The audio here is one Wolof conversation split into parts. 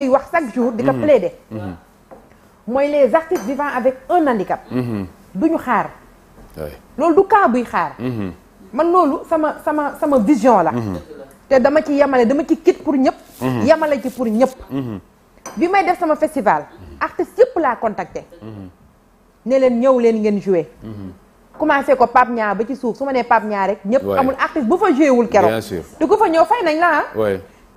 yu wax chaque jour di ko mhm. plaider mhm. mooy les artistes vivant avec un handicap mhm. duñu xaar lolou du cas buy xaar man lolou sama sama sama vision la té dama ci yamalé dama ci kit pour ñëpp yamalé ci pour ñëpp bi may def sama festival artistes yëpp la contacté ne leen ñëw leen ngeen jouer commencé ko pap Niang ba ci souf su né pap Pape rek ñëpp amul artiste bu fa jouer wul kéro bien sûr du ko fa ñëw fay nañ la hein ah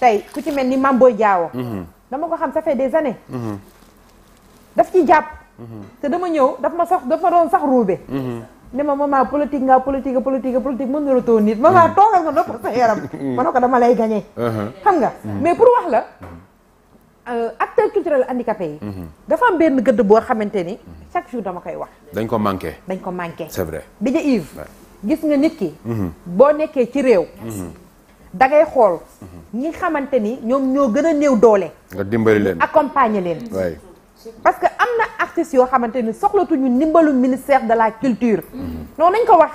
tey ku ci mel ni Mame Boye Diao mhm. dama ko xam sa fait des années mhm. daf ci jàpp mhm. te dama ñëw daf ma sax daf ma doon sax ruube ne ma maman politique nga politique politique politique a na la toog nit a toogal nga noppal sa yaram ma a ko dama lay gagné uh-huh. xam nga mais pour wax la euh, acteur culturel handicapé yi dafa am benn gëdd boo xamante ni chaque jour dama koy wax dañ ko manqué dañ ko manqué c'est bi nga Yves gis nga nit ki boo nekkee ci réew dangay xool ñi xamante ni ñoom ñoo gën a néew doole. nga dimbali leen accompagner leen. parce que am na artistes yoo xamante ni soxlatuñu ndimbalu ministère de la culture. non nañ ko wax.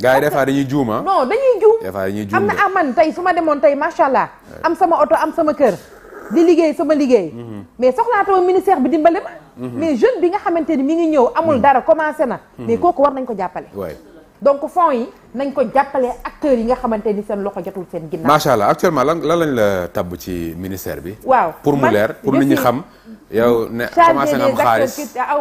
gars yi des fois dañuy juum ah. non dañuy juum des am na aman ah, tey su ma demoon tey macha allah. am sama oto am sama kër. di liggéey sama liggéey. Mhm. mais soxlaatoo ministère bi dimbali ma. Mhm. mais jeune bi nga xamante ni mi ngi ñëw amul mhm. dara commencé na. mais kooku war nañ ko jàppale. donc fonds yi nañ ko jàppale acteurs yi nga xamante ni seen loxo jotul seen ginnaaw. macha allah actuellement lan lan lañ la tabb ci ministère bi. waaw pour mu leer pour nit ñi xam. yow ne ah, commencé nga am xaalis aw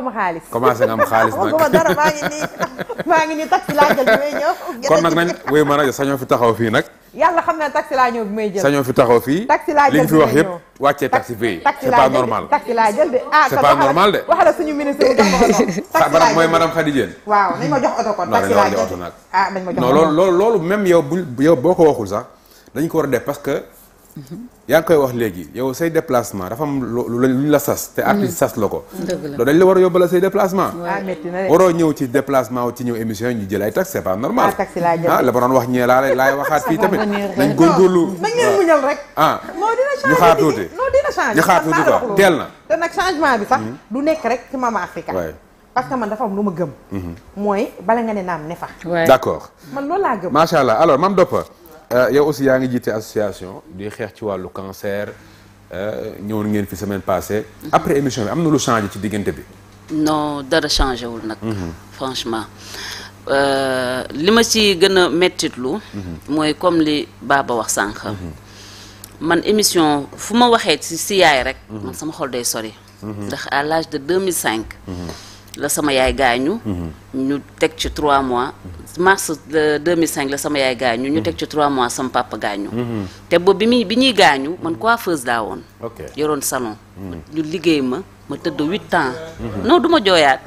commencé nga am xaalis nag waxuma dara maa ngi nii maa ngi kon nag nañ wuyu ma rajo sañoo fi taxaw fii nag. yàlla xam na taxi laa ñëw bi may jël. sañoo fi taxaw fii. taxi laa jël li ñu fi wax yëpp wàccee taxi fii. c'est pas normal laa jël de ah. c'est pas normal de wax la suñu ministre bi jox ko oto. taxi laa jël mooy madame Khady waaw nañ ma jox oto kon. taxi laa jël ah no ma jox oto nag. Ah, non loolu loolu loolu bu yow boo ko waxul sax dañ ko war a def parce que Mm-hmm. yaa ngi koy wax léegi yow say déplacement dafa am lu lu ñu la sas te mm-hmm. artiste sas la ko loolu dañ la war a yóbbala say déplacement ah, waroo ñëw ci déplacement ci ñëw émission yi ñu jël ay taxi c'est pas normal ah, ah la ma doon wax ñee laa laay waxaat fii tamit nañ góorgóorlu nañ leen muñal rek ah ñu xaar tuuti ñu xaar tuuti quoi na te changement bi sax mm-hmm. du nekk rek ci Mama Africa parce que man dafa am lu ma gëm mooy bala nga ne naam ne fa d'accord man loolu laa gëm macha allah alors mam doppa Euh, yow aussi yaa ngi jiite association di xeex ci wàllu cancer euh, ñëwoon ngeen fi semaine passée. après émission bi am na lu changé ci diggante bi. non dara changé wul nag. Mhm. franchement euh, li ma ci gën a mettitlu mhm. mooy comme li Baba wax sànq. Mhm. man émission fu ma waxee ci si yaay rek. man sama xol day sori. ndax à l'âge de 2005. Mhm. la sama yaay gaañu. ñu mhm. teg ci 3 mois. mars 2005 la sama yaay gaañu. ñu teg ci 3 mois sama papa gaañu. Mhm. te boobu bi muy bi ñuy gaañu man coiffeuse daa woon. yoroon salon. ñu liggéey ma ma tëdd 8 ans. non du ma jooyaat.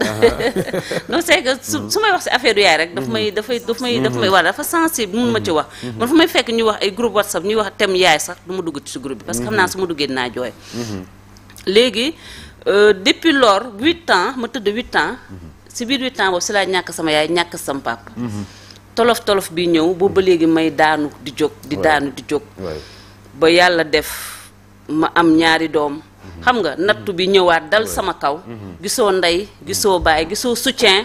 non c'est que su su may wax si affaire yaay rek. daf may dafay daf may daf may wala dafa sensible mun ma ci wax. man fu may fekk ñuy wax ay groupe WhatsApp ñuy wax thème yaay sax du ma dugg ci groupe bi. parce que xam naa su ma duggee naa jooy. léegi. Euh, depuis lors 8 ans suis de 8 ans mhm. si 8 ans c'est la nyaka sama yaay sama papa mhm. tolof tolof bi ba may daanu di jog di daanu di def ma am xam nga nattu bi ñëwaat dal sama kaw mhm. gisoo ndey gisoo mhm. baay gisoo soutien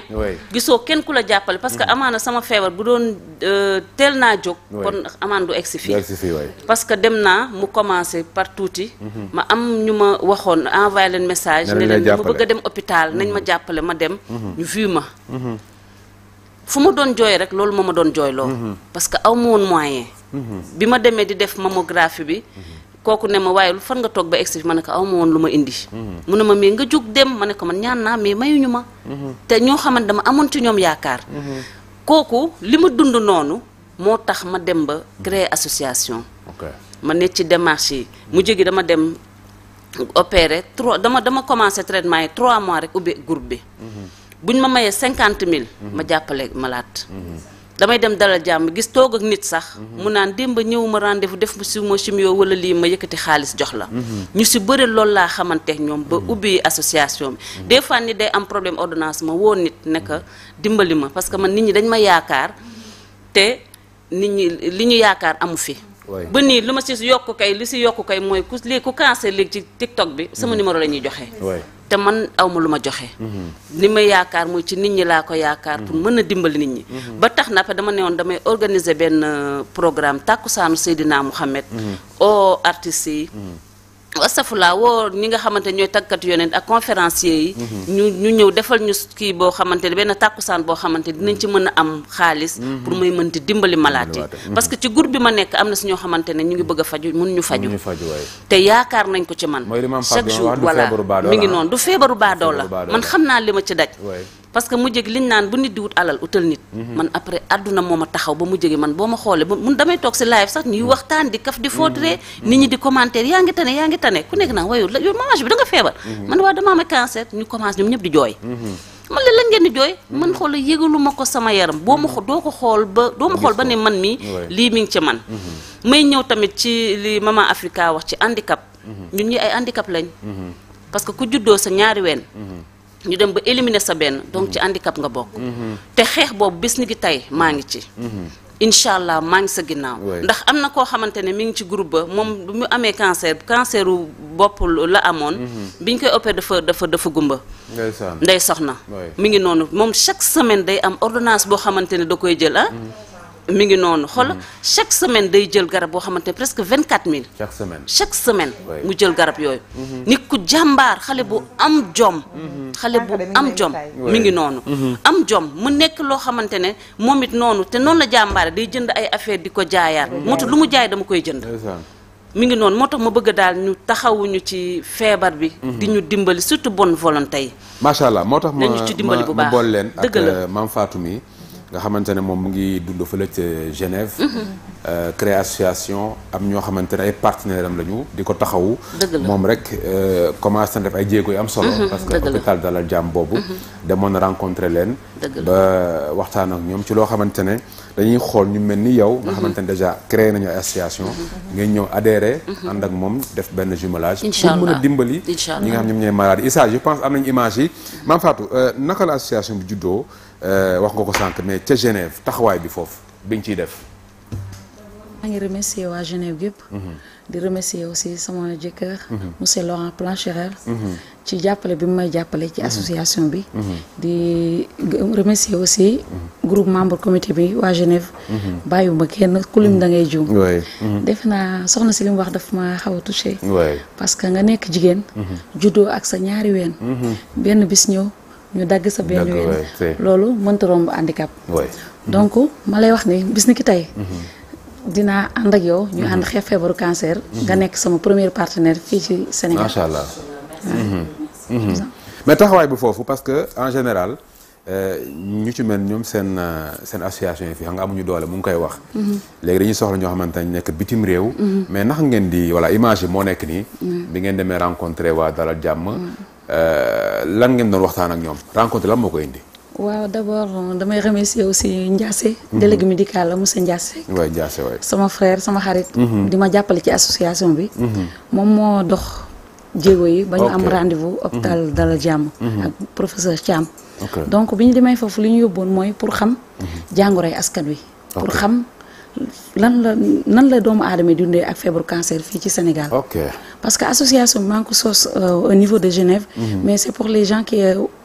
gisoo kenn ku la jàppale parce que mhm. amaana sama feebar bu doon euh, teel naa jóg kon amaana du egsi fii parce que dem naa mu commencé par tuuti ma am ñu ma waxoon envoyé leen message ne leen ma bëgg a dem hôpital nañ ma jàppale ma dem ñu vu ma fu ma doon jooy rek loolu moo ma doon jooy loolu parce que aw ma woon moyen bi ma demee di def mammographie bi kooku ne ma waaye lu fan nga toog ba egsi ma ne ko aw lu ma indi. Mhm. mu ne ma mais nga jóg dem ma ne ko man ñaan naa mais mayuñu ma. Mhm. te ñoo xamante dama amoon ci ñoom yaakaar. Mhm. kooku li ma dund noonu moo tax ma dem ba créer association. ma ne ci démarche yi. mu jógi dama dem opérer trois dama dama commencé traitement yi trois mois rek ubbi groupe bi. buñ ma mayee cinquante mille. ma jàppale malade. damay dem dalal jàmm gis toog ak nit sax. mu naan démb ñëwuma rendez-vous def si ma chimio wala lii ma yëkkati xaalis jox la. ñu si bëri loolu laa xamante ñoom ba ubbi association bi. des fois nit day am problème ordonnance ma woo nit ne ko dimbali ma parce que man nit ñi dañ ma yaakaar te nit ñi li ñu yaakaar amu fi. ba nii li ma si yokk kay li si yokk kay mooy ku lii ku cancer léegi ci TikTok bi sama numéro la ñuy joxe. te man awma lu ma joxe. Mhm. li ma yaakaar mooy ci nit ñi laa ko yaakaar. pour mhm. mën a dimbali nit ñi. Mhm. ba tax na dama ne woon damay organiser benn euh, programme tàkkusaanu Seydina Mouhamed. oo artistes yi. waa astafurla woo ñi nga xamante ni ñooy tàggat yonent ak conférencier yi. Mhm. ñu ñu ñëw defal ñu kii boo xamante ne benn tàkkusaan boo xamante dinañ ci mën a am xaalis. Mhm. pour muy mënti dimbali malaat yi. parce que ci groupe bi ma nekk am na si ñoo xamante ne ñu ngi bëgg a faju mun ñu faju te yaakaar nañ ko ci man. chaque jour voilà mi ngi noonu du feebaru baadoo la man xam naa li ma ci daj. parce que mu jég liñ naan bu nit di wut alal utal nit mhm. man après àdduna moo ma taxaw ba mu jege man boo ma xoolee ba mun damay toog si live sax ñuy mhm. waxtaan di kaf di footree mhm. nit ñi di commentaire yaa ngi tane yaa ngi tane ku nekk naa wayu yow mamage bi da nga feebar man waa damaa amee cancer ñu commencé ñoom ñëpp di jooy man la lan ngeen di jooy man xoola yëgalu ma ko sama yaram boo ma doo ko xool ba doo ma xool ba ne man mii lii mi ngi ci man may ñëw tamit ci li Maman Africa wax ci handicap ñun ñi ay handicap lañ parce que ku juddoo sa ñaari ween ñu dem ba éliminer sa benn donc ci mhm. handicap nga bokk mhm. te xeex boobu bés ni gi tey maa ngi ci mhm. incha allah maa ngi sa ginnaaw ndax am na koo xamante ne mi ngi ci groupe ba moom bu mu amee cancer canceru bopp la amoon biñ koy opéré dafa dafa dafa gumba nday soxna mi ngi noonu moom chaque semaine day am ordonnance boo xamante ne da koy jël ah. mi ngi noonu xool mm-hmm. chaque semaine day jël garab boo xamante ne presque vingt quatre mille. chaque semaine chaque semaine. mu jël garab yooyu. Mm-hmm. nit ku jàmbaar xale bu mm-hmm. am jom. xale bu am jom mi ngi noonu. am jom mu nekk loo xamante ne moom it noonu te noonu la jàmbaare day jënd ay affaire di ko jaayaat. moo tax lu mu jaay dama koy jënd. mi ngi noonu moo tax ma bëgg daal ñu taxawuñu ci feebar bi. di ñu dimbali surtout bon volonté yi. macha allah moo tax ma ma boole leen ak euh, maam Fatou mii nga xamante ne moom mu ngi dund fële ca Genève. Mhm. Euh, créé association am ñoo xamante ne ay partenaires am lañu di ko taxawu. moom rek euh, commencé na def ay jéego yu am solo. Mhm. parce que hôpital Dalal Jàmm boobu. Mhm. demoon na rencontré leen. ba waxtaan ak ñoom ci loo xamante ne. dañuy xool ñu mel ni yow. nga mhm. xamante ne déjà créé nañu association. ngay ñëw adhéré. Mhm. ànd ak moom def benn jumelage. incha allah pour mën a dimbali. ñi nga xam ñoom ñooy malade Issa je pense am nañu image yi. Mhm. maam Fatou euh, naka la association bi juddoo euh, wax nga ko sànq mais ca Genève taxawaay bi foofu bi nga ciy def. maa ngi remercier wa Genève gépp mhm. di remercier aussi sama jëkkër mhm. monsieur Laurent Plancherel mhm. ci jappalé bi may jappalé ci association bi di remercier aussi groupe membre comité bi wa Genève bàyyiwuma kenn ku lim da ngay juum def naa soxna si li wax daf ma xaw a touché parce que nga nek jigen juddoo ak sa ñaari wèn ben bis ñew ñu dag sa ben wèn lolu mën ta romb handicap donc malay wax ni bis ni ki tay dinaa ànd yow. ñu mhm. ànd xeex feebaru cancer. Mhm. nga nekk sama premier partenaire fii ci Sénégal. macha allah mhm. mais taxawaay bi foofu parce que en général euh, ñu ci mel ñoom seen euh, seen association yi fii xam nga amuñu doole mu ngi koy wax. léegi dañuy soxla ñoo xamante ne nekk bitim réew. mais nax ngeen di voilà image yi moo nekk nii. bi ngeen demee rencontré waa Dalal Jàmm. Euh, lan ngeen doon waxtaan ak ñoom rencontré lam moo ko indi. waaw d' abord euh, damay remercier aussi Ndiassé. Mhm. délégué médical la monsieur Ndiassé. waay Ndiassé waay sama frère sama xarit. Mhm. di ma jàppale ci association bi. Mhm. moom moo dox jéego yi. ba ñu am rendez-vous hôpital Dalal Jàmm. ak professeur Thiam. donc bi ñu demee foofu li ñu yóbboon mooy pour xam. jàngoroy askan wi. pour xam lan la nan la doomu aadama dundee ak feebaru cancer fii ci Sénégal. parce que association bi maa ngi ko euh, au niveau de Genève. mais c' pour les gens qui. Euh,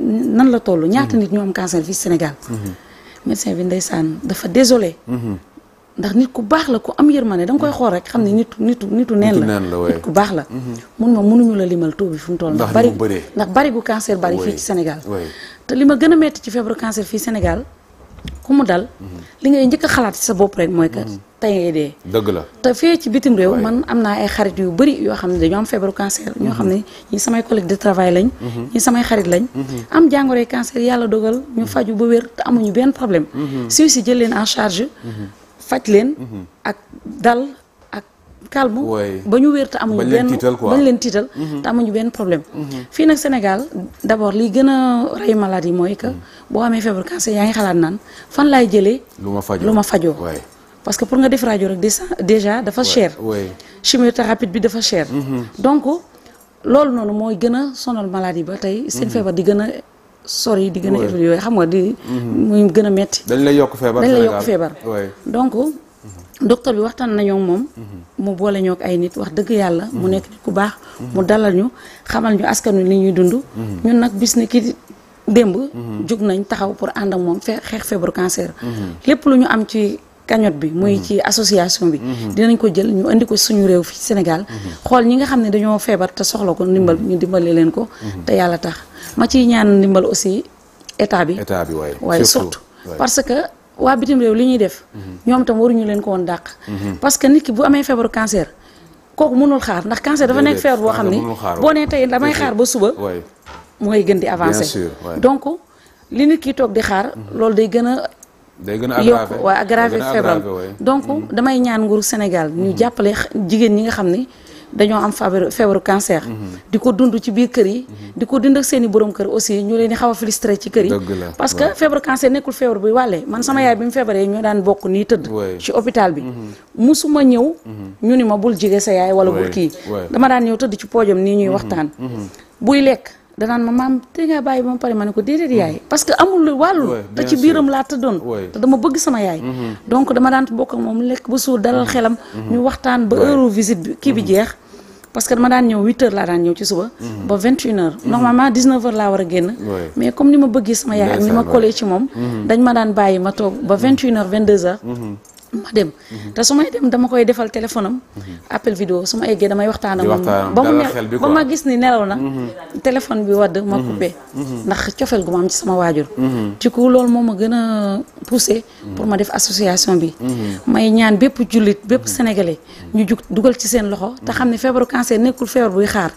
nan la toll ñaata mhm. nit ñoo am cancer fii Sénégal mhm. médecin bi ndeysaan dafa désolé mhm. ndax nit ku baax la ku am yërmande ne nga koy xool rek xam ne nitu nitu nitu neen la nit ku baax la mun ma mënuñu la limal taux bi fu mu toll ndax bari ndax bari gu cancer bari fii ci Sénégal te li ma gën a metti ci feebaru cancer fii Sénégal ku mu dal li ngay njëkk xalaat ci sa bopp rek mooy kat tey ngay dee. dëgg la te fee ci bitim réew man am naa ay xarit yu bëri yoo xam ne dañoo am feebaru cancer ñoo xam ne ñi samay collègue de travail lañ mhm. ñi samay xarit lañ mhm. am jàngoroy cancer yàlla dogal ñu mhm. faju ba wér te amuñu benn problème suuf si jël leen en charge faj leen ak dal ak calme ba ñu wér te amuñu benn bañ leen tiital te amuñu benn problème fii nag Sénégal d'abord li gën a maladie mooy que boo amee feebaru cancer yaa ngi xalaat naan fan laay jëlee lu ma fajoo parce que pour nga def radio rek déjà dafa cher. chimiothérapie bi dafa cher. Mhm. donc loolu noonu moy gëna sonal maladie ba tay seen mhm. feebar di gëna sori di gëna a évoluer xam nga di. Mhm. muy gëna metti dañ la yok feebar dañ la yokk feebar. donc docteur bi waxtaan nañoo mom mu boole ñoo ay nit wax dëgg yalla mu nekk nit ku baax. mu dalal ñu xamal ñu askanu wi li ñuy dund. ñun nak bis ni ki demb juk nañ taxaw pour and ak mom fe xeex cancer. lepp lu ñu am ci. cagnotte bi muy mhm. ci association bi mhm. dinañ ko jël ñu indi ko suñu réew fi Sénégal mhm. xool ñi nga xam ne dañoo feebar te soxla ko ndimbal ñu dimbali leen ko te yàlla tax ma ciy ñaan ndimbal aussi état bi état bi waaye surtout parce que waa bitim réew li ñuy def ñoom tam waruñu leen ko woon dàq parce que nit ki bu amee feebaru cancer kooku mënul xaar ndax cancer dafa nekk feebar boo ah, xam ni boo nee tey damay xaar ba suba mooy gën di avancé donc li nit ki toog day gën a aggravé yokk waa aggravé feebaram donc hmm. damay ñaan nguuru Sénégal ñu hmm. jàppale jigéen ñi nga xam ne dañoo am feebaru feebaru cancer. Hmm. di ko dund ci biir kër yi. di ko dund ak seen borom kër aussi ñu leen di xaw a ci kër yi. parce que feebaru cancer nekkul feebar buy wàllee man sama yaay bi mu feebaree ñoo daan bokk nii tëdd. ci hôpital bi. musuma ñëw. ñu ni ma bul jige sa yaay wala bul kii. dama daan ñëw tëdd ci poojam nii ñuy waxtaan. buy lekk. danaan ma maam te nga bàyyi ba mu pare ma ne ko déedéet yaay mm-hmm. parce que amul wàllu te ci biiram laa tëddoon te dama bëgg sama yaay mm-hmm. donc dama daan bokk moom lekk ba suur dalal mm-hmm. xelam ñu waxtaan ba heure visite bi kii bi jeex parce que dama daan ñëw 8 laa daan ñëw ci suba ba 21 heures normalement 19 heures laa war a génn mais comme ni ma bëggee sama yaay ak ni ma collé ci moom dañ ma daan bàyyi ma toog ba 21 heures 22 heures ma dem te su may dem dama koy defal téléphone am appel vidéo su ma eggee damay waxtaan ak moom ba mu ma gis ni nelaw na mhm. téléphone bi wadd ma mhm. coupé mhm. ndax cofeel gu ma am ci sama waajur ci ku lool moom ma gën a poussé pour ma def association bi may ñaan bépp jullit bépp sénégalais ñu jug dugal ci seen loxo te xam ne feebaru cancer nekkul feebar buy xaar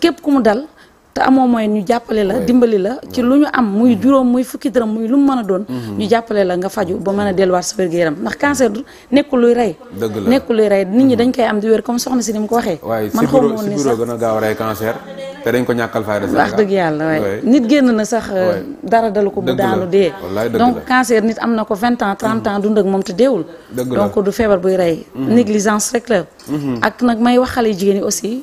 képp ku mu dal te amoo moyen ñu jàppale la dimbali la ci lu ñu am muy mm-hmm. juróom muy fukki dërëm muy lu mu mën a doon mm-hmm. ñu jàppale la nga faju ba mën a delluwaat sa wér gu yaram ndax cancer du nekkul luy rey nit ñi mm-hmm. dañ koy am di wér comme soxna si ni mu ko waxee man xaw ma woon ni sax gën a gaaw rey cancer te nit génn na sax euh, dara dalu ko bu daanu dee donc cancer nit am na ko vingt ans trente ans dund ak moom te deewul donc du feebar buy rey négligence rek la ak nag may waxale jigéen yi aussi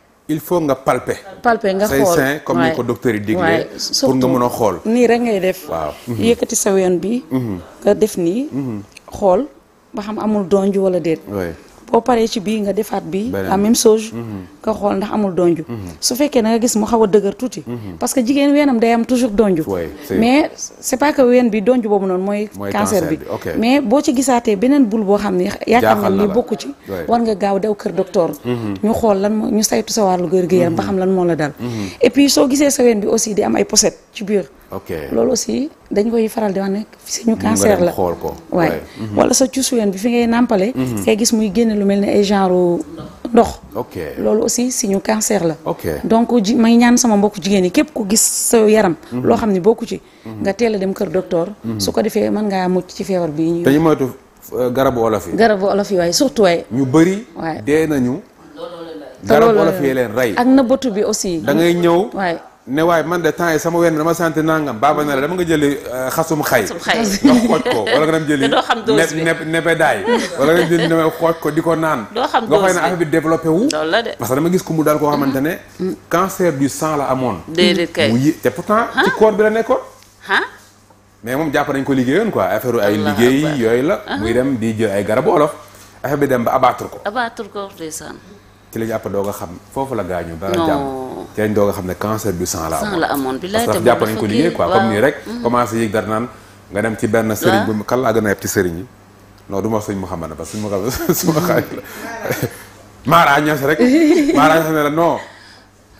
il faut nga palper. palper nga xol say comme ni ko docteur yi digle. pour nga mën xol ni rek ngay def. waaw mhm. yëkkati sa ween bi. Mhm. nga def ni mhm. xol ba xam amul donju wala déet. boo paree ci bii nga defaat bi la même mhm. nga xool ndax amul donju mhm. su fekkee da gis mu xaw a dëgër tuuti mhm. parce que jigéen weenam day am toujours donju mais c'est pas que ween bi donju boobu noonu mooy cancer bi mais boo ci gisaatee beneen bul boo xam ne yaakaar na lii bokku ci war nga gaaw daw kër docteur ñu xool lan ñu saytu sa wàllu gër gi yaram ba xam lan moo la dal et soo gisee sa ween bi aussi di am ay pochette ci biir Lolo si, aussi dañ koy faral di wax ne suñu cancer la xool mhm. wala sa cuusu yoon bi fi ngay nàmpale mhm. ngay gis muy génne lu mel ay genre ndox ok loolu suñu cancer la donc may ñaan sama mbokk jigéen yi képp ku gis sa yaram mhm. loo xam ne bokku ci nga teel a dem kër docteur su ko mucc ci bi ñu dañu euh, garabu olof yi garabu olof yi waaye surtout waaye ñu bëri waay nañu garabu olof yi leen rey ak nëbbatu bi aussi da ngay ne waaye man de temps yi sama wenn dama sant nangam baaba ne la dama nga jëli euh, xasum xay nga xooj ko wala nga dem jëli nepp neppe daay nga dem jëli nepe di ko naan nga xëy na affaire bi développé parce que dama gis ku mu daal ko mm-hmm. xamante ne cancer du sang la amoon mu yi te pourtant ci corps bi la nekkoon mais moom jàpp nañ ko liggéeyoon ko affaire ay liggéey yooyu la muy uh-huh. dem di jël ay garabu olof affaire dem ba abattre ko abattre ko ndeysaan ci la ñu àpp doog a xam foofu la gaañu dara jàmm ci lañ doog a xam ne cancer du sang la amoon bi lay tam jàpp nañ ko liggéey quoi comme nii rek mm-hmm. commencé yëg dara naan nga dem ci benn sëriñ bu ah. kan laa gën a yeb ci sëriñ yi non du ma sëñ Mouhamad parce que suma xam suma mm-hmm. xarit la Mara Niass rek Mara Niass ne la non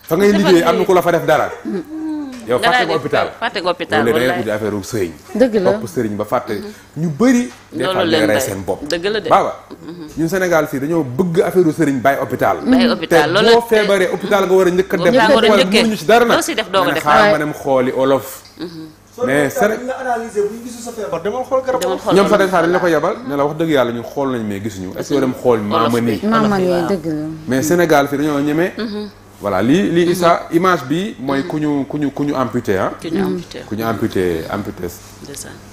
fa ngay liggéey am ko la fa def dara mm-hmm. yow fàtte nga hôpital fàtte nga hôpital wala da ngeen affaire sëriñ dëgg la ba fàtte mhm. ñu bëri des fois ñu rey seen bopp dëgg la de baba mhm. ñun Sénégal si dañoo bëgg affaire sëriñ bàyyi hôpital bàyyi mhm. hôpital loolu boo feebaree hôpital nga war a njëkk a def wala ñu ci dara nag xaar ma dem xooli olof mais Sénégal nga analysé bu ñu la ko yebal ne la wax dëgg yàlla ñu xool nañ mais gisuñu est-ce dem xool maama nii maama nii dëgg la mais Sénégal si dañoo ñemee voilà li li isa, mhm. image bi moy kuñu kuñu kuñu amputé hein ah. kuñu amputé kuñu ku amputé ku ñu amputé amputé.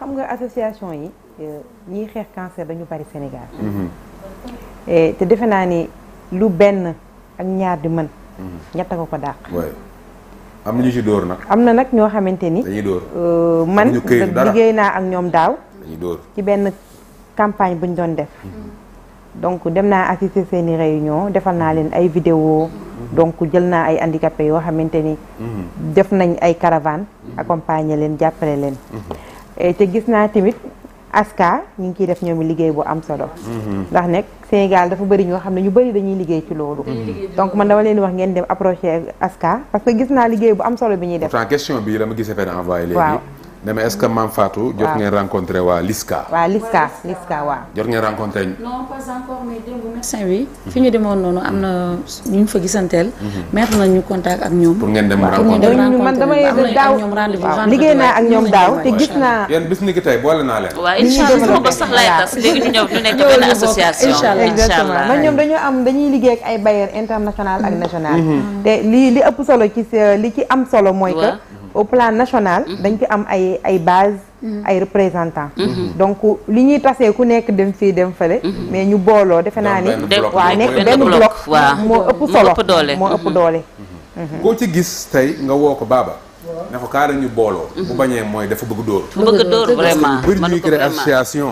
xam nga association yi euh, ñii xeex cancer dañu bari Sénégal mhm. eh, te defe naa ni lu benn ak ñaar di mën mhm. ñett ko ko dàq am am na nag ñoo xamante ni dañuy euh, man liggéey naa ak ñoom daaw ci benn campagne buñ doon def mhm. donc dem naa assister seen i defal naa leen ay vidéo donc jël naa ay handicapés yoo xamante ni def nañ ay caravane accompagner leen jàppale leen Eh, te gis naa tamit aska ñu ngi ciy def ñoom liggéey bu am solo. Mhm. ndax nag Sénégal dafa bari ñoo xam ne ñu bari dañuy liggéey ci loolu. donc man dama leen wax ngeen dem approché aska parce que gis naa liggéey bu am solo bi ñuy def. pourtant question bi la ma gisee fenn envoyé waaw ne ma est-ce que Fatou. jot ngeen rencontrer wa Liska. Wa Liska Liska wa. jot ngeen rencontrer. non pas encore mais démb médecin wi mhm. fiñu ñu nonu amna am ñu fa gisantel mhm. mettre nañ ñu contact ak ñom. pour ngeen dem rencontrer. waaw man yé daw. liggéey na ak ñom daw te gis na. Yeen bis ni ki tay boole naa leen. waaw incha allah sama ko sax lay tass légui ñu ñew ñu nekk ben association. Inshallah. allah exactement man ñoom dañoo am dañuy liggéey ak ay bailleur international ak mhm. national. te li li ëpp solo ci li ci am solo moy que au plan national mhm. dañ ci am ay ay base mhm. ay représentants mhm. donc li ñuy tasee ku nekk dem fii dem fële mais ñu booloo defe naa ni waaw nekk benn bloc moo ëpp solo moo ëpp doole koo ci gis tey nga woo ko baaba na ko kaara ñu booloo bu bañee mooy def bëgg dóor bëgg dóor vraiment bëri ñuy créer association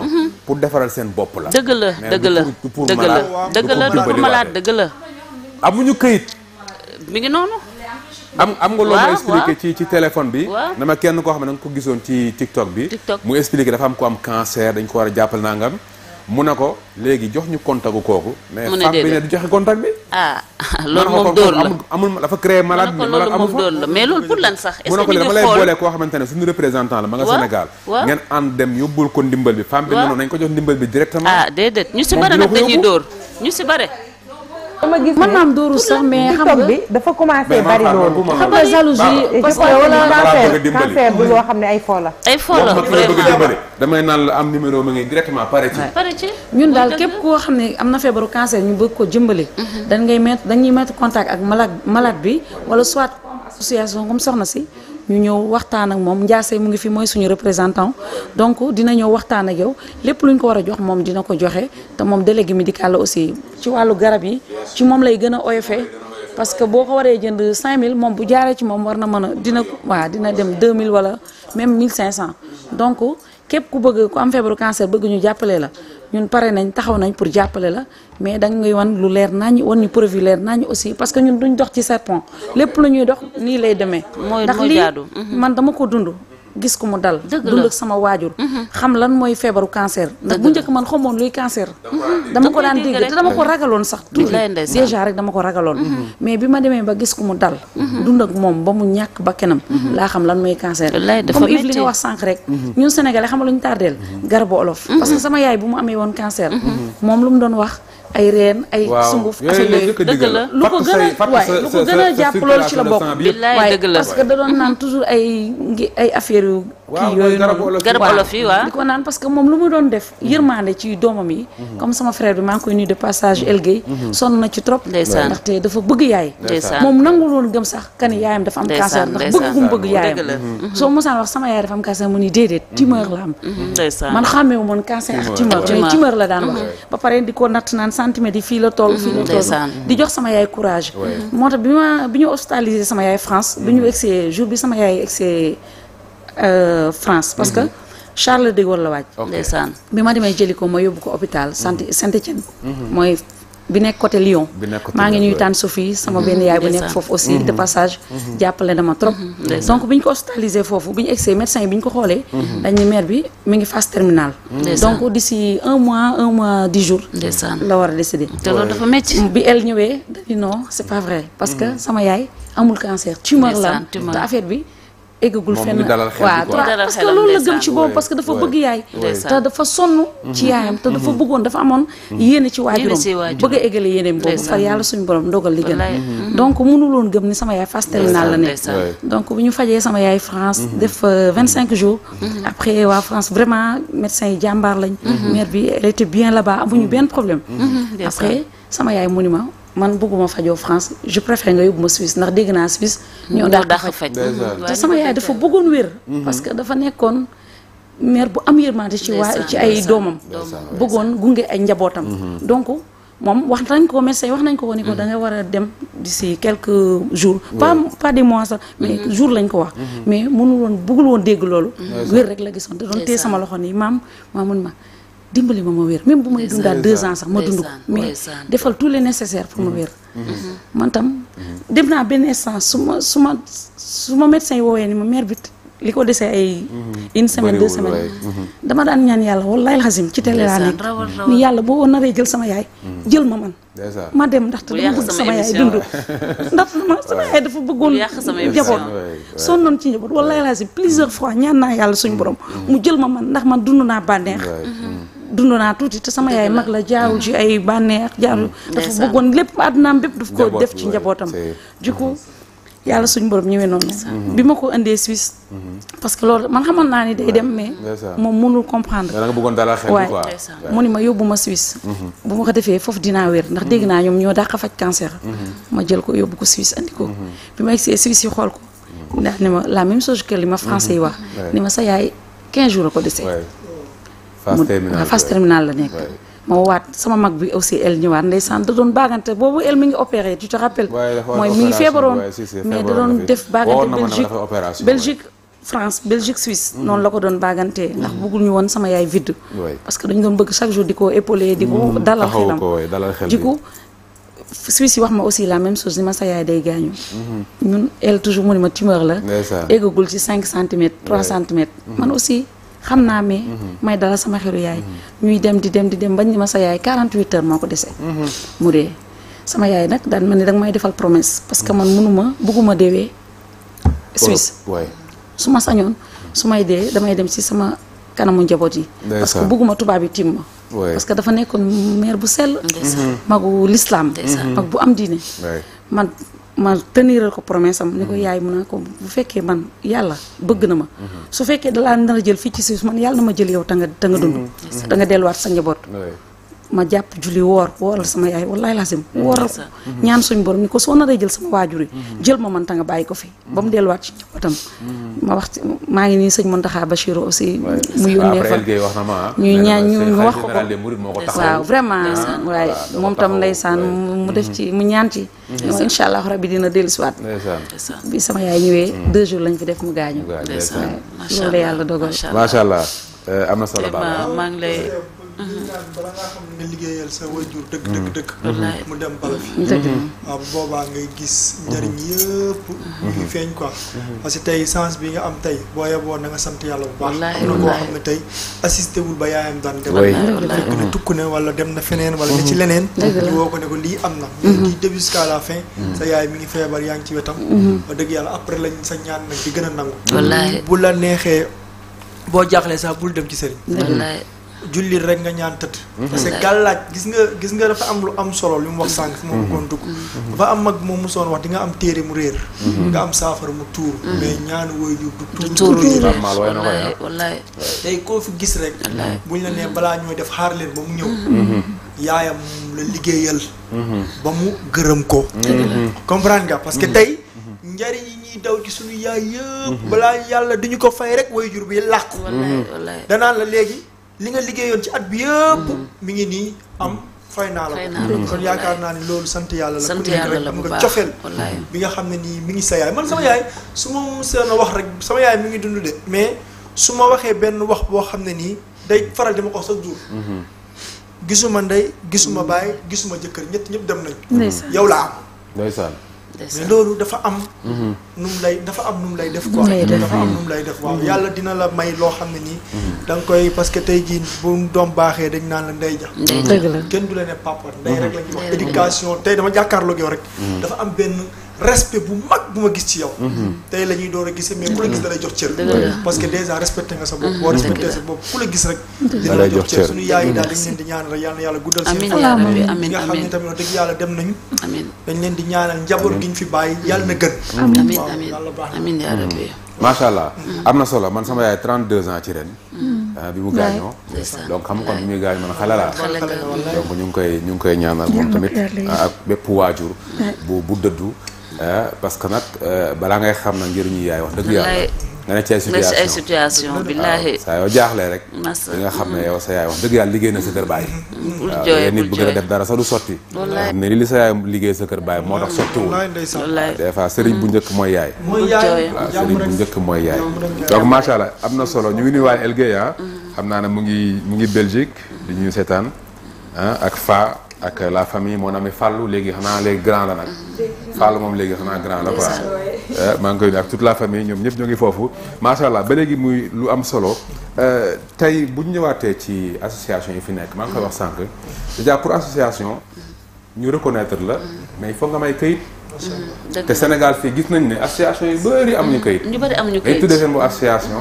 pour defaral seen bopp la dëgg la dëgg la dëgg la dëgg la du pour malade dëgg la amuñu këyit mi ngi noonu am am nga loo ma expliqué ci ci téléphone bi dama kenn koo xam ne da nga gisoon ci TikTok bi mu expliqué dafa am ko am cancer dañ ko war a jàppal nangam mu ne ko léegi jox ñu contact kooku mais femme bi ne du joxe contact bi ah loolu moom dóor la amul dafa créé malade bi malade amul fa mais loolu pour lan sax mu ne ko dama koo xamante ne suñu représentant la ma nga Sénégal ngeen ànd dem yóbbul ko ndimbal bi femme bi noonu nañ ko jox ndimbal bi directement ah déedéet ñu si bare nag dañuy dóor ñu si bare dama gis am dooru sax mais bi dafa commencé bari loolu xam nga jalousie parce que wala cancer bu xam ne ay fo la ay fo la bëgg damay naan la am numéro ma ngi directement pare ci pare ñun daal képp koo xam ne am na feebaru cancer ñu bëgg ko jëmbali mhm. dañ ngay mettre dañuy mettre contact ak malade malat bi wala soit association comme soxna si ñu ñëw waxtaan ak moom Ndiassé mu ngi fi mooy suñu représentant donc dina ñëw waxtaan ak yow lépp lu ñu ko war a jox moom dina ko joxe te moom délégué médical la aussi ci wàllu garab yi ci moom lay gën a oyofee parce que boo ko waree jënd cinq mille moom bu jaaree ci moom war na mën a dina waa dina dem 2000 wala même 1500 donc képp ku bëgg ku am feebaru cancer bëgg ñu jàppale la. ñun pare nañ taxaw nañ pour jàppale la mais da ngay wan lu leer nañu wan ñu profil leer nañu aussi parce que ñun duñ dox ci serpent lépp lu ñuy dox nii lay demee. ndax lii mhm. man dama ko dund. gis ko mu dal dund ak sama waajur mm-hmm. xam lan mooy feebaru cancer ndax bu njëkk man xamoon luy cancer dama ko daan dégg te dama ko ragaloon sax mm-hmm. tuuti déjà rek dama ko ragaloon mm-hmm. mais bi ma demee ba gis ko mu dal dund ak moom ba mu ñàkk ba kenam laa xam lan mooy cancer comme Yves li nga wax sànq rek ñun sénégalais xam nga lu ñu tardeel garabu olof parce sama yaay bu mu amee woon cancer moom lu mu doon wax ay reen ay sunguf dëgg la lu ko a waay lu ko gën a jàpp loolu ci la bokk waaye parce que da doon naan toujours ay ngi ay affaire yu kii yooyu noonu garab olof moom lu mu doon def mhm. yërmande ci doomam yi mhm. comme sama bi maa ngi koy nuyu de passage mhm. Elgey sonn na ci trop ndeysaan ndaxte dafa bëgg yaay moom nangu loon gëm sax kan yaayam dafa am cancer ndax bëgg gu mu bëgg yaayam soo mosaan wax sama yaay dafa la am man di ko natt naan centimètres yi fii la toll fi la mm-hmm. toll di jox sama yaay courage moo tax bi ma bi ñu hospitalisé sama yaay France bi ñu mm-hmm. jour bi sama yaay euh France parce que mm-hmm. Charles de Gaulle la wàcc bi ma demee jëliko ma yóbbu ko hôpital sant Saint-Étienne moy bi côté Lyon. Sophie sama mhm. benn yaay bu aussi mhm. de passage. Mhm. jappalé na ma trop. donc buñ ko hospitalisé médecin ko dañ mère donc d'ici un mois un mois dix jours. la war a te loolu dafa non c'est pas vrai. parce que sama yaay amul cancer. tumeur eggagul fenn waaw parce que loolu la gëm ci boobu parce que dafa bëgg yaay te dafa sonn ci mhm. yaayam te dafa mhm. bëggoon dafa amoon mhm. yéene ci waajuram bëgg a eggale yéeneem boobu far yàlla suñu borom ndogal li gën donc mënuloon gëm ni sama yaay phase terminale la nekk donc bu ñu fajee sama yaay France def euh, vingt cinq jours après waa France vraiment médecin yi jàmbaar lañ mère bi elle était bien là-bas ñu benn problème après sama yaay mu man bëgguma fajoo France je préfère nga yobuma Suisse ndax dégg naa Suisse. ñoo dàq faj te sama yaay dafa bëggoon wër mhm. parce que dafa nekkoon mère bu am yërmande ci wa ci ay domam bëggoon gungé ay njabootam. Mhm. donc mom wax nañ ko médecin wax nañ ko ko ni ko mhm. da nga wara a dem d'ici quelques jours. pas pas des mois sax mais jour lañ ko wax. mais mënul won bëggul won dégg lolu wër rek la gisoon te doon téye sama loxo nii maam maamun ma. dimbali ma ma wér même bu may dundaat deux ans sax ma dund ko mais defal tout le nécessaire pour ma mm-hmm. wér mm-hmm. man tam dem naa benn instant su ma su ma su ma médecin woowee ni ma mère bit li ko desee ay mm-hmm. une semaine deux semaines dama daan ñaan yàlla wallaay xasim ci télé laa nekk ni yàlla boo naree jël sama yaay jël ma man ma dem ndax ndaxte dama bëgg sama yaay dund ndax sama yaay dafa bëggoon njaboot sonnoon ci njaboot wallaay xasim plusieurs fois ñaan naa yàlla suñu borom mu jël ma man ndax man dund naa bànneex dund naa tuuti te sama yaay mag la jaarul ci ay bànneex jaarul mm. dafa bëggoon lépp àddunaam bépp daf ko def ci njabootam du coup mhm. yàlla suñ borom ñëwee noonu bi ma ko indee Suisse mhm. parce que loolu man xamal naa ni day dem mais moom mënul comprendre waaye mu ni ma yóbbu ma Suisse mhm. bu ma ko defee foofu dinaa wér ndax dégg naa ñoom ñoo dàq faj cancer ma jël ko yóbbu ko Suisse andi ko bi ma egsee Suisse yi xool ko ndax ni ma la même chose que li ma français wax ni ma sa yaay 15 jours a ko phase ah, terminale la nekk ma waat sama mag bi aussi el ñëwaat ndeysaan da doon bagante boobu el mi ngi opéré tu te mooy mi feebaroon mais da doon def bagante Belgique Belgique France Belgique Suisse mm-hmm. noonu la ko doon bagantee ndax mm-hmm. bëggul ñu woon sama yaay vidde parce que dañu doon bëgg chaque jour di ko épaulé di ko mm-hmm. dalal xelam di ko Suisse yi wax ma aussi la même chose ni ma sa yaay day gaañu ñun el toujours mu ne ma tumeur la eggagul ci cinq centimètres trois xamna mi may dara sama xelu yaay ñuy dem di dem di dem bañ ni ma sa yaay 48 heures moko déssé sama yaay nak dan ma ne danga may défal promesse parce que man mënuma bëgguma déwé Suisse way suma sañon sumay dé damay dem ci sama kanamu njabot yi parce que bëgguma tuba tuh babi ma parce que dafa nekkoon maire bu sel magu l'islam ak bu am diiné man ma teniral ko promesse am ni ko mm-hmm. yaay mun naa ko bu fekkee man yàlla bëgg na ma mm-hmm. su fekkee dalaa nar a jël fii ci suuf man yàlla na ma jël yow ta nga ta dund mm-hmm. ta nga delluwaat sa njaboot ma jàpp julli woor wooral sama yaay wallaay laasim wooral ko mm-hmm. ñaan suñ borom ni ko soo naree jël sama waajur yi mm-hmm. jël ma manta nga bàyyi ko fi mm-hmm. ba mu delluwaat ci njabootam ma wax maa ngi nii sëñ Mountakha Bachir aussi mu yónnee fa ah. ñuy ñaan ñu wax ko ko waaw vraiment waaye ah, moom tam ndeysaan mu def ci mu ñaan ci incha allah rabbi dina dellusiwaat bi sama yaay ñëwee deux jours lañ fi def mu gaañu loolu yàlla dogal macha bala ngaa xam ne nga liggéeyal sa wajur dëgg dëgg dëgg mu dem bala fi boobaa ngay gis njariñ yëpp ñu feeñ quoi parce que tey sens bi nga am tey boo yeboo na nga sant yàlla bu baax am na koo xam ne tey assisté ba yaayam daan dem fekk ne tukk ne wala dem na feneen wala ne ci leneen ñu woo ko ne ko lii am na lii début jusqu'à la fin sa yaay mi ngi feebar yaa ngi ci wetam a dëgg yàlla après lañ sa ñaan nag di gën a nangu bu la neexee boo jaaxlee sax bul dem ci jullit rek nga ñaan tëdd. Mhm. parce que gàllaaj gis nga gis nga dafa am lu am solo lu mu wax sànq fi ma bëggoon dugg. dafa am mag moom mosoon wax di nga am téere mu réer. Mhm. nga am saafara mu tuur. Mhm. mais ñaanu woy jur du tuur. du tuur wallaay tey koo fi gis rek. buñ la nee balaa ñooy def xaar leen ba mu ñëw. yaayam la liggéeyal. ba mu gërëm ko. comprendre nga parce que tey. njariñ yi daw ci suñu yaay yëpp. balaa yàlla duñu ko fay rek woy jur bi làqu. danaan la léegi. li nga liggéeyoon ci at bi yëpp. Mm. mi ngi nii am. Mm. fay naa la ko kon yaakaar naa ni loolu sant yàlla la. sant la bu baax ku nekk rek nga cofeel bi nga xam ne nii mi ngi sa yaay man sama yaay su ma seen wax rek sama yaay mi ngi dund de mais su ma waxee benn wax boo xam ne nii day faral di ma ko sax jur. Mm-hmm. gisuma ndey gisuma baay gisuma jëkkër ñett ñëpp dem nañ. yow laa am. mais loolu dafa am. nu lay dafa am nu lay def. quoi dafa am lay def waaw mm-hmm. yàlla dina la may loo xam ne nii. da nga koy parce que tey jii bu doom baaxee dañ naan la ndey ja. dëgg la kenn du la ne papa ndey rek la ñuy wax éducation tey dama jàkkaarloo ak yow rek. Mm. dafa am benn. respect bu mag bu ma gis ci yow. Mhm. tey la ñuy door a gisee mais ku la gis mhm. da jox cër. parce que déjà respecté nga sa bopp. Mhm. boo ku la gis rek. dina la jox cër suñu yaay yi daal dañ leen di ñaanal rek yal yàlla guddal seen. amiin amiin nga xam yàlla dem nañu. dañ leen di ñaanal njaboot gi ñu fi bàyyi yàlla na gën. amiin amiin amiin yaa rabbi macha allah am na solo man sama yaay 32 an ci ren. Ah, bi mu gaañoo. donc xam nga kon bi muy gaañ man xale laa. donc ñu ngi koy ñu ngi koy ñaanal moom tamit ak bépp waajur bu bu dëddu Euh, parce que nag euh, balaa ngay xam na njëriñu yaay wax dëgg yàlla nga ne ci ay situation nga ah, billaahi saa yoo jaaxlee rek di nga xam ne yow sa yaay wax dëgg yàlla liggéey na sa kër baay nit bëgg a def dara sax du sotti ne liggéey sa kër baay moo tax sottiwul des fois sëriñ bu mm. njëkk mooy yaay waaw bu njëkk mooy yaay donc macha allah am na solo ñu ngi nuyu waa El Gueye ah. xam naa ne mu ngi mu ngi Belgique di ñuy seetaan ah, ak Fa ak la famille mon ami Fallou léegi xanaa léegi grand la nag. Fallou mom léegi xana grand la quoi. Eh, maa ngi koy nuyu ak toute la famille ñom ñep ñogi fofu foofu. macha allah ba léegi muy lu am solo euh tay buñ ñëwaaté ci association yi fi nek maa koy wax sànq déjà pour association ñu reconnaître la mais il faut nga may këyit. Mm-hmm. te Sénégal fi gis nañ ne association yu bëri amuñu këyit. ñu mm-hmm. bëri amuñu këyit tuddee seen bu association.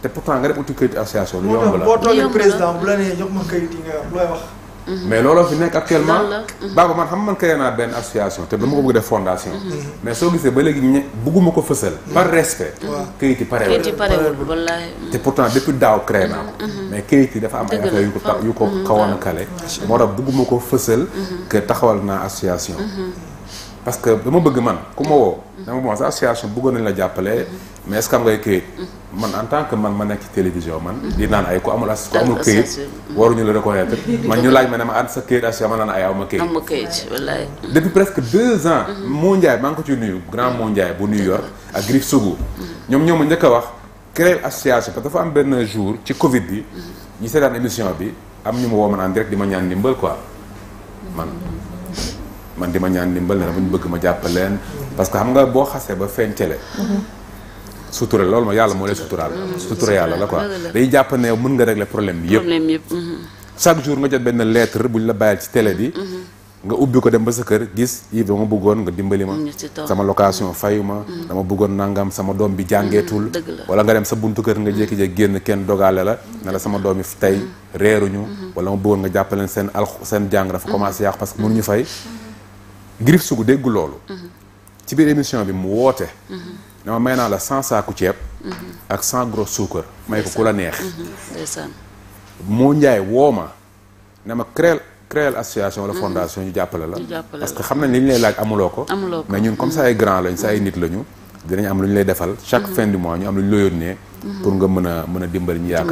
te pourtant nga def outil këyit association. lu yomb la boo toolee président bu la né jox ma këyit yi nga looy wax. Mhm. mais looloo fi nekk actuellement. Mhm. baaba man xam man créé naa benn association te dama ko bëgg def fondation. Mhm. mais soo gisee ba léegi ñe bëgguma ko fësal. par respect. këyit yi parewul këyit yi parewul wallaahi. te pourtant depuis daaw créé naa ko. mais këyit yi dafa am ay affaire yu ko yu ko kawoon a kale. moo tax bëgguma ko fësal. que taxawal naa association. parce que dama bëgg man ku ma woo. Mm-hmm. dama bon sa association bëggoon nañ la jàppale. Mm-hmm. mais est-ce que am ngay këyit. Mm-hmm. man en tant que man ma nekk ci télévision man. di naan ay ku amul as ku amul këyit. waruñu la reconnaître man ñu laaj ma ne ma ànd sa këyit association ma naan ay aw ma këyit. aw ma këyit wallaay. depuis presque deux ans. Moo Ndiaye maa ngi ko ci nuyu grand Moo Ndiaye bu New York ak Griff Sougou. ñoom ñoo ma njëkk a wax créer association parce que dafa am benn jour ci Covid bi. ñu seetaan émission bi am ñu ma woo man en direct di ma ñaan ndimbal quoi man. man di ma ñaan ndimbal ne dama ñu bëgg ma jàppale leen parce que xam nga boo xasee ba feeñ télé sutura loolu ma yàlla moo lay suturaal sutura yàlla la quoi day jàpp ne mën nga régler problème bi yëpp mhm. chaque jour nga jot benn lettre bu la bàyyil ci télé bi mhm. nga ubbi ko dem ba sa kër gis yi dama bëggoon nga dimbali ma mm, sama location fayu ma mm. dama bëggoon nangam sama doom bi jàngeetul mm, wala nga dem sa buntu kër nga jékki-jékki génn kenn dogaale la ne sama doom yi tey reeruñu mm-hmm. wala ma bëggoon nga jàppaleen seen al seen jàng dafa mm-hmm. commencé yàqu parce que ñu fay mm-hmm. griffe Sougou Si mhm. ci biir émission bi mu woté mhm. dama la 100 saaku ceeb. Mhm. ak gros sucre, may ko kula la neex. ma créel créel association la fondation ñu parce que xam lay laaj mais ñun comme ça ay grand lañ ça ay nit lañu. dinañ am luñ lay chaque fin du mois ñu am luñ choses pour nga vous mëna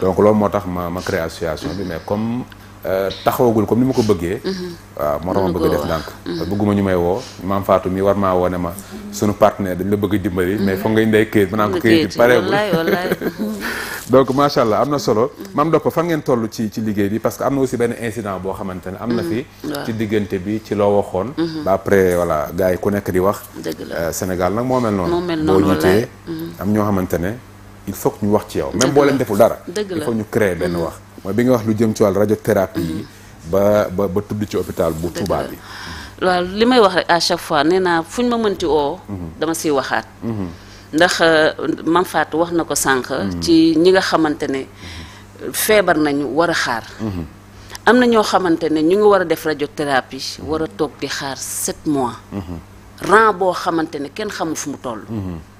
donc motax ma association Euh, taxawagul comme ni ma ko bëggee. Mm-hmm. waaw moo tax ma bëgg def ndànk. Mm-hmm. bëgguma ñu may woo maam Fatou mi war maa woo ne ma mm-hmm. sunu partenaire dañ la bëgg a dimbali. mais foog ngay ndey këyit maanaam ko këyit bi pareegul donc macha allah am na solo. maam Doppa fan ngeen toll ci ci liggéey bi parce que am na aussi benn incident boo xamante ne am na fi. ci diggante bi ci loo waxoon. ba après voilà gars yi ku nekk di wax. Euh, Sénégal nag moo mel noonu. boo jiitee am ñoo xamante ne il faut que ñu wax ci yow. même boo leen deful dara. il faut ñu créer benn wax. mooy bi nga wax lu jëm ci wàllu radiothérapie yi ba ba ba tudd ci hôpital bu Touba bi waaw li may wax rek à chaque fois nee naa fu ñu ma mënti oo mhm. dama si waxaat mhm. ndax euh, man faat wax na ko sànq mhm. ci ñi nga xamante ne feebar nañu war a xaar am na ñoo xamante ne ñu ngi war a def radiothérapie war a toog di xaar sept mois rang boo xamante ne kenn xamul fu mu toll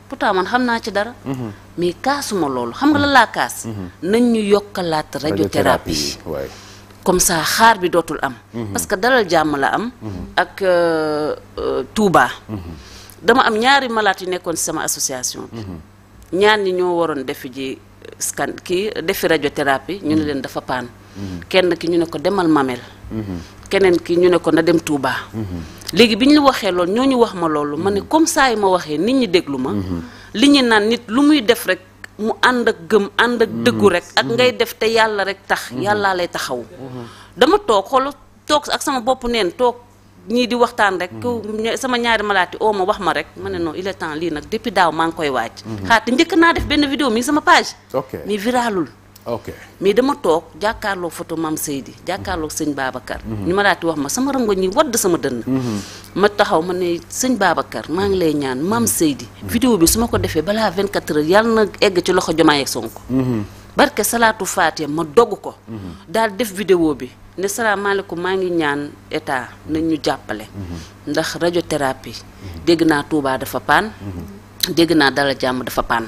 pourtant man xam naa ci dara. Mhm. mais kaasuma loolu xam nga la laa kaas. Mhm. nañ ñu yokkalaat radiothérapie comme sa xaar bi dootul am. Mhm. parce que dalal jàmm la am. ak euh, euh, Touba. dama am ñaari malaat yu nekkoon ci sama association bi. ñaar ñi ñoo waroon defi ji scan kii defi radiothérapie ñu ne leen dafa paan. kenn ki ñu ne ko demal Mamel. keneen ki ñu ne ko na dem Touba. léegi bi ñu waxee loolu ñoo ñu wax ma loolu ma ne comme nit ñi déglu li nit lu muy def rek mu ànd ak gëm ànd ak dëggu rek. ak ngay def te yàlla rek tax. yàllaa lay taxawu. dama ak sama bopp neen toog ñii di waxtaan rek. sama ñaari malaati oo ma wax ma rek ma ne non il est temps lii nag depuis daaw maa koy waaj. Mhm. def benn vidéo mi sama page. ni viralul. ok mais dama toog jàkkaarloog photo maam Seydi jàkkaarloog sëñ Babacar. ñu ma daati wax ma sama rangoñ yi wadd sama dënn. Mhm. ma taxaw ma ne sëñ Babacar maa ngi lay ñaan maam mhm. Seydi. Mhm. vidéo bi su ma ko defee balaa 24 heures yàlla na egg ci loxo Diomaye ak Sonko. barke salaatu faatiha ma dogg ko. daal def vidéo bi. ne salaamaaleykum maa ngi ñaan état nañ ñu jàppale. ndax radiothérapie. dégg naa tuubaa dafa paan. dégg naa Dalal Jàmm dafa paan.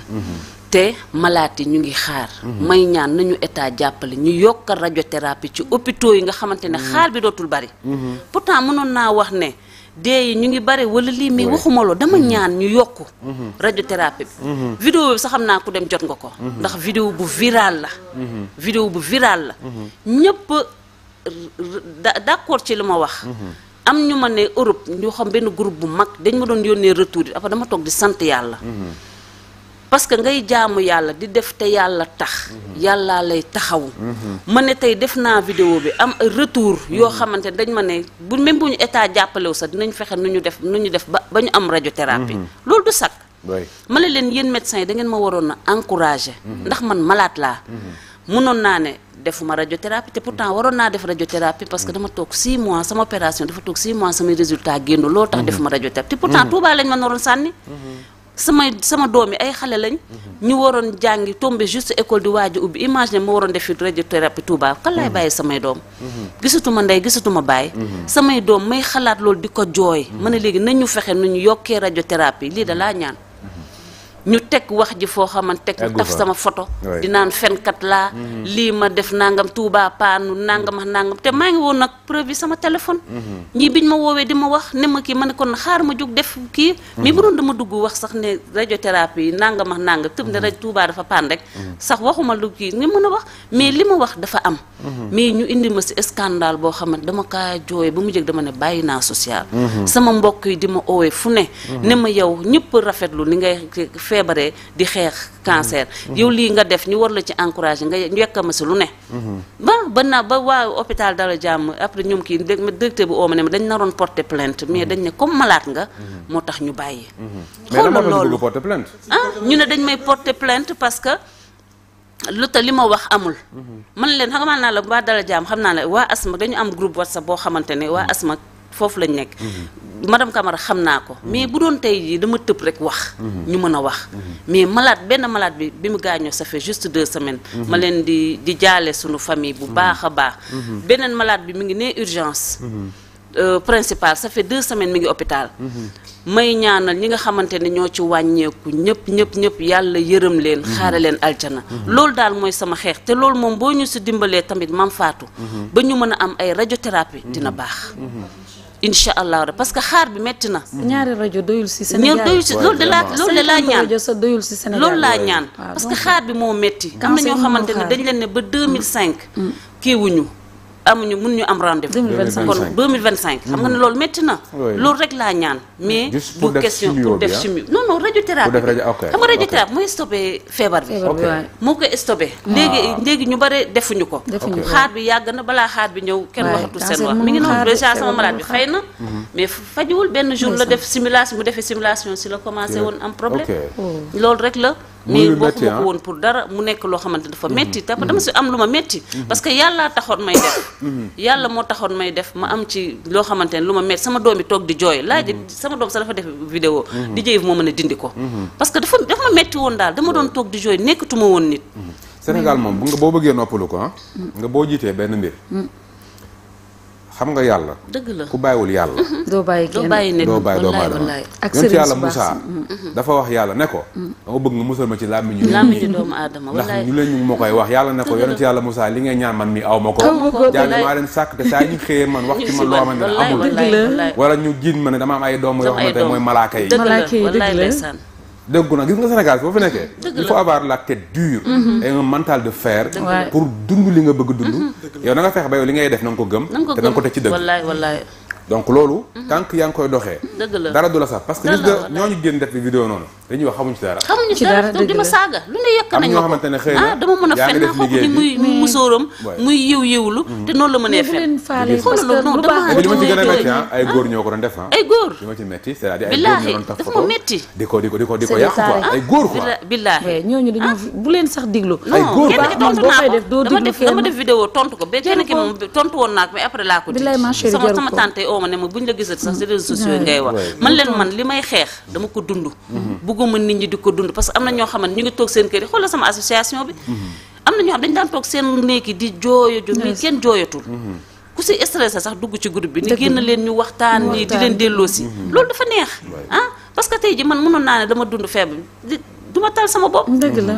te malaat yi ñu ngi xaar. Mhm. may ñaan nañu état jàppale ñu yokkal radiothérapie ci hôpitaux yi nga xamante ne mhm. xaar bi dootul bari. Mhm. pourtant mënoon naa wax ne dee yi ñu ngi bari wala lii mais waxuma loo dama ñaan ñu yokk. radiothérapie bi. vidéo bi sa xam naa ku dem jot nga ko. ndax vidéo bu viral la. vidéo bu viral la. ñëpp d'accord ci li ma wax. am ñu ma ne Europe ñu xam benn groupe bu mag dañ ma doon yónnee retour yi après dama togg di sant yàlla. parce que ngay jaamu yàlla di def te yàlla tax mhm. yàlla lay taxaw mhm. ma ne tey def naa vidéo bi am retour mhm. yoo xamante ne dañ ma ne bu même bu ñu état jàppalewu sax dinañ fexe nu ñu def nu ñu def ba ba ñu am radiothérapie loolu du sakk ma ne leen yéen médecins yi da ngeen ma waroon a encouragé ndax man malade laa mënoon naa ne defuma radiothérapie te pourtant waroon naa def radiothérapie parce que dama toog 6 mois sama opération dafa toog 6 mois samay résultat génn loolu tax defuma radiothérapie te pourtant Touba lañ ma samay sama doom yi ay xale lañ. Mhm. ñu waroon jàngi tombé juste école di waaj a ubbi image ne ma waroon defi radiothérapie Touba kan laay mhm. bàyyi samay doom. Mhm. gisatuma ndey gisatuma bàyyi. samay doom may xalaat loolu di ko jooy. ma ne léegi nañu fexe nu ñu yokkee radiothérapie lii da laa ñaan. ñu teg wax ji foo xamante teg ñu taf sama foto di naan fenkat laa mhm. lii ma def nangam Touba paanu nangam ak nangam te maa ngi woon nag preuve sama téléphone mhm. ñii biñ ma woowee di ma wax ne ma kii ma ne kon xaar ma jóg def kii mhm. mais bu doon dama dugg wax sax ne radiothérapie nangam ak nangam tëb ne rajo Touba dafa paan rek sax waxuma lu kii nga mën a wax mais li ma wax dafa am mais ñu indi ma si scandale boo xam ne dama kaa jooyee ba mu jëg dama ne bàyyi naa social sama mbokk yi di ma oowee fu ne ne ma yow ñëpp rafetlu ni ngay feebaree di xeex cancer yow lii nga def ñu war la ci encourage nga njëkk ma si lu ne ba ba naa ba waa hôpital Dalal Jàmm après ñoom kii directeur bi ooma ne ma dañ naroon porter plainte mais dañ ne comme malade nga moo tax ñu bàyyi xoolal loolu ah ñu ne dañ may porter plainte parce que lu ta li ma wax amul mën leen xamal naa la waa dala Jàmm xam naa la waa asma dañu am groupe WhatsApp boo xamante ne waa asma foofu lañ nekk madame Camara xam naa ko mais bu doon tey jii dama tëb rek wax ñu mën a wax mais malaat benn malaat bi bi mu gaañoo ça fait juste deux semaines ma leen di di jaale suñu famille bu baax a baax beneen malaat bi mi ngi nee urgence euh, principal ça fait deux semaines mi ngi hôpital may ñaanal ñi nga xamante ne ñoo ci wàññeeku ñëpp ñëpp ñëpp yàlla yërëm leen xaare leen aljana loolu daal mooy sama xeex te loolu moom boo ñu si dimbalee tamit mam faatu ba ñu mën a am ay radiothérapie dina baax incha allah parce que xaar bi métti na. ñaari rajo doyul si Sénégal doyul si loolu de la loolu de laa ñaan loolu laa ñaan parce que xaar bi moo métti. am na ñoo xamante ne dañ leen ne ba 2005. Mm. kiiwuñu amuñu mun ñu am rendez-vous. 2025 kon 2025. xam nga mm. loolu métti na. loolu rek laa ñaan. mais pour def question pour def ah. chimio non non def rajo xam nga ko. xaar bi yàgg na balaa xaar bi ñëw kenn waxatul mi ngi noonu déjà sama malade bi xëy na. Mm-hmm. mais fajiwul benn jour la def simulation bu defee simulation si la commencé woon am problème. Oh. loolu rek la. mais waxuma ko ah. woon pour dara mu nekk loo xamante dafa mhm. metti tam mhm. dama si am lu ma metti mhm. parce que yàlla taxoon may def yàlla moo taxoon may def ma am ci loo xamante ne lu ma metti sama doom bi toog di jooy laaj sama doom sax dafa def vidéo di jëy moo mën a dindi ko parce que dafa dafa ma metti woon daal dama doon toog di jooy nekkatuma woon nit Sénégal moom bu nga boo bëggee noppalu ko ah, mm. nga boo jiitee benn mbir mm. xam nga yàlla. dëgg la ku bàyyiwul yàlla. doo bàyyi kenn doo bàyyi nit doo bàyyi doomu aadama ak sëriñ yàlla mm, mm, mm. dafa wax yàlla ne ko. dama bëgg nga musal ma ci làmmiñu. làmmiñu doomu aadama wallaay ndax ñu leen ñu moo koy wax yàlla ne ko yonent yàlla Moussa li ngay ñaan man mi aw ma ko. jaani maa leen sàkk te saa ñu xëyee man wax ci man loo ma ne amul. wala ñu jiin ma ne dama am ay doomu yoo xam ne xamante mooy malaaka yi. dëgg la il faut avoir la tête dure. Mhm. et un mental de fer. pour faire li nga Et on mhm. yow nga ba donc loolu tant yaa ngi koy doxee dara du la sax parce que gis nga ñooñu génn def bi vidéo noonu dañuy wax xamuñu ci dara xamuñu ci dara di ma saaga lu ne yëkk nañ ah, mm. mm. noonu la mënee fen xoolal loolu noonu ma ci gën a métti ah, ay góor ñoo ko doon def ah ay góor li ko di ko di ko di ko yàq quoi ay góor quoi billaahi ah. bu leen sax diglu ay góor kenn ki tontu naa ko dama def vidéo tontu ko ba kenn ki moom tontu woon naa ko mais après laa ko di sama sama tante woo ma ne ma buñ la gisati sax si réseaux sociaux yi ngay man leen man li may xeex dama ko dund mm-hmm. bugguma nit ñi di ko dund parce que am na ñoo ne ñu ngi toog seen kër yi xoolal sama association bi mm-hmm. am na ñoo xam dañ daan toog seen néeg yi di jooyo jo mii kenn jooyatul mm-hmm. ku si stressé sax dugg ci groupe bi ni génn leen ñu waxtaan ni di leen delloo si loolu dafa neex ah parce que tey ji man mënoon naa ne dama dund feebar bi duma tal sama bopp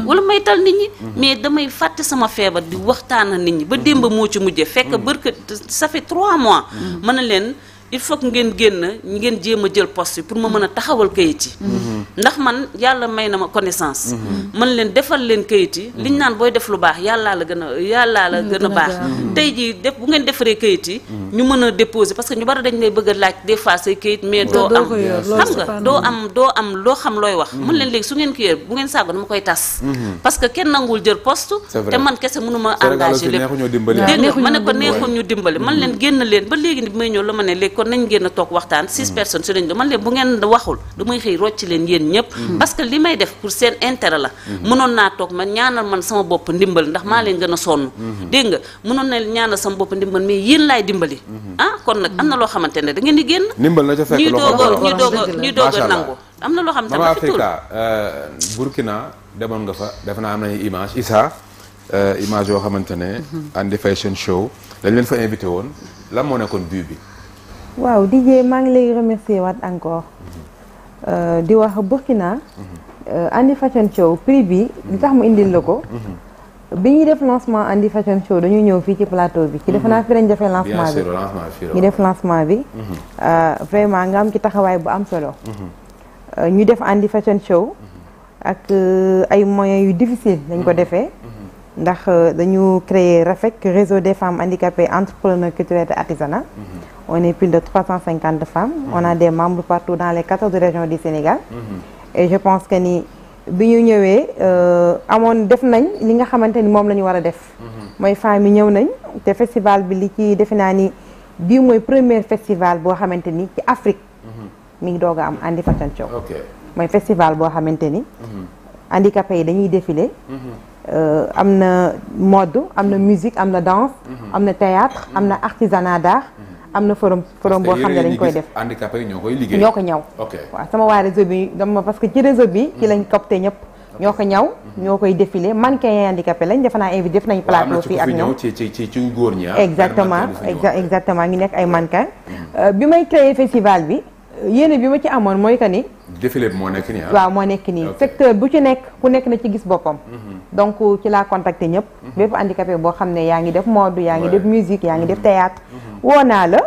wala may tal nit ñi mais damay fàtte sama feebar di waxtaan nit ñi ba démb moo ci mujjee fekk bërka ça fait trois mois na il faut que ngeen génn ngeen jéem a jël poste yi pour ma mën a taxawal kayit yi mhm. ndax man yàlla may na ma connaissance man mhm. mhm. leen defal leen kayit yi liñ naan booy def lu baax yàllaa la gën a yàllaa la gën a baax tey jii def bu ngeen defaree kayit yi ñu mën a déposer parce que ñu bari dañ lay bëgg a laaj des fois say kayit mais doo am xam nga doo am doo am loo xam looy wax mën leen léegi su ngeen kiyee bu ngeen sàggo dama koy tas parce que kenn nangul jël poste te man kese mënuma kon nañ ngeen toog waxtaan six mm. person su lañ do man leen bu ngeen waxul damay xëy rocci leen yéen ñëpp mm. parce que li may def pour seen intérêt la mm. mënoon naa toog man ñaanal man sama bopp ndimbal ndax maa leen gën a sonn mm-hmm. dégg nga mënoon na ñaanal sama bopp ndimbal mais yéen laay dimbali mm-hmm. ah kon nag na loo xamante ne da ngeen di génn ñuy dooga ñuy dooga ñuy dooga nangu am na loo xamante ne Africa euh, Burkina demoon nga fa def naa am nañu image Issa euh, image yoo xamante ne mm-hmm. andi fashion show dañ leen fa invité woon lan moo nekkoon but bi waaw DJ maa ngi lay remercier waat encore euh, di wax Burkina. Euh, Andy Fashion Show prix bi li tax mu indil la ko. bi ñuy def lancement Andy Fashion Show dañu ñëw fii ci plateau bi. ci defe naa fi lañ defee lancement bi ñu def lancement bi. Euh, vraiment nga am ci taxawaay bu am solo. ñu def Andy Fashion Show. ak ay moyens yu difficile dañ ko defee. ndax dañu créer RAFEC réseau des femmes handicapées entrepreneurs culturels et artisanat. On est plus de 350 femmes. Mhm. On a des membres partout dans les 14 régions du Sénégal. Mhm. Et je pense que ni biñu ñëwé euh amoon def nañ li nga xamante ni lañu wara def. moy mhm. femmes ñëw nañ té festival bi li ci defe naa ni premier festival bo xamante ni ci Afrique. mi ngi am Andi Fatan OK moy festival bo xamante ni. andi yi dañuy défiler euh amna mode amna musique amna danse. am théâtre amna artisanat d'art am na forom forum boo xam ne lañ koy def handicapé ñoo koy liggéey ñoo ko ñaw waaw sama waa réseau bi parce que ci réseau bi ci mhm. lañ copté ñëpp ñoo ko ñaw mhm. ñoo koy défilé mannequin yi handicapé lañ defe naa invité def nañ plateau fii ak ñoom ci ci ci góor ñi ah. exactement exactement ngi nekk ay mannequin mhm. euh, bi may créé festival bi yéene bi ma ci amoon mooy que ni défilé bi moo nekk nii ah? waaw moo nekk nii secteur bu ci nekk ku nekk na ci gis boppam mhm. donc ci la contacté ñëpp mhm. bépp handicapé boo xam ne yaa ngi def mode yaa ngi def musique yaa ngi def mhm. théâtre woo naa la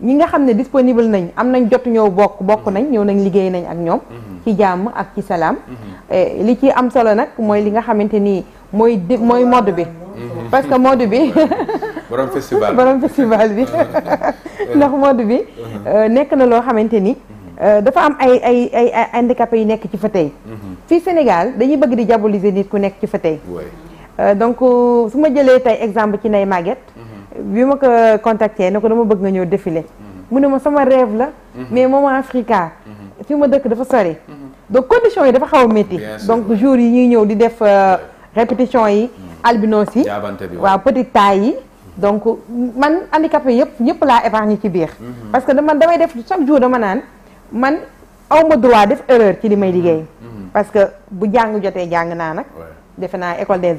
ñi nga xam ne disponible nañ am nañ jot ñëw bokk bokk nañ ñëw nañ liggéey nañ ak ñoom ci jàmm ak ci salaam li ci am solo nag mooy li nga xamante nii mooy di mooy mode bi parce que mode bi borom festival borom festival bi ndax mode bi euh, nekk na loo xamante ni Euh, dafa am ay ay ay ay handicapés yu nekk ci fa tey mhm. fii Sénégal dañuy bëgg di diaboliser nit ku nekk ci fauteuil euh, donc su ma jëlee tey exemple ci Ndeye Maguette mhm. bi ma ko contacté na ko dama bëgg nga ñëw défilé mhm. mu ne ma sama rêve la mais moom Africa fi ma dëkk dafa sori donc condition yi dafa xaw a métti donc jour yi ñuy ñëw di def euh, répétition yi albinos yi waaw petite taille yi donc man handicapé yëpp yëpp laa épargne ci biir parce que dama damay def chaque jour dama naan man aw ma droit def erreur ci li may liggéey. Mm-hmm. parce que bu jàng jotee jàng naa nag. defe naa école des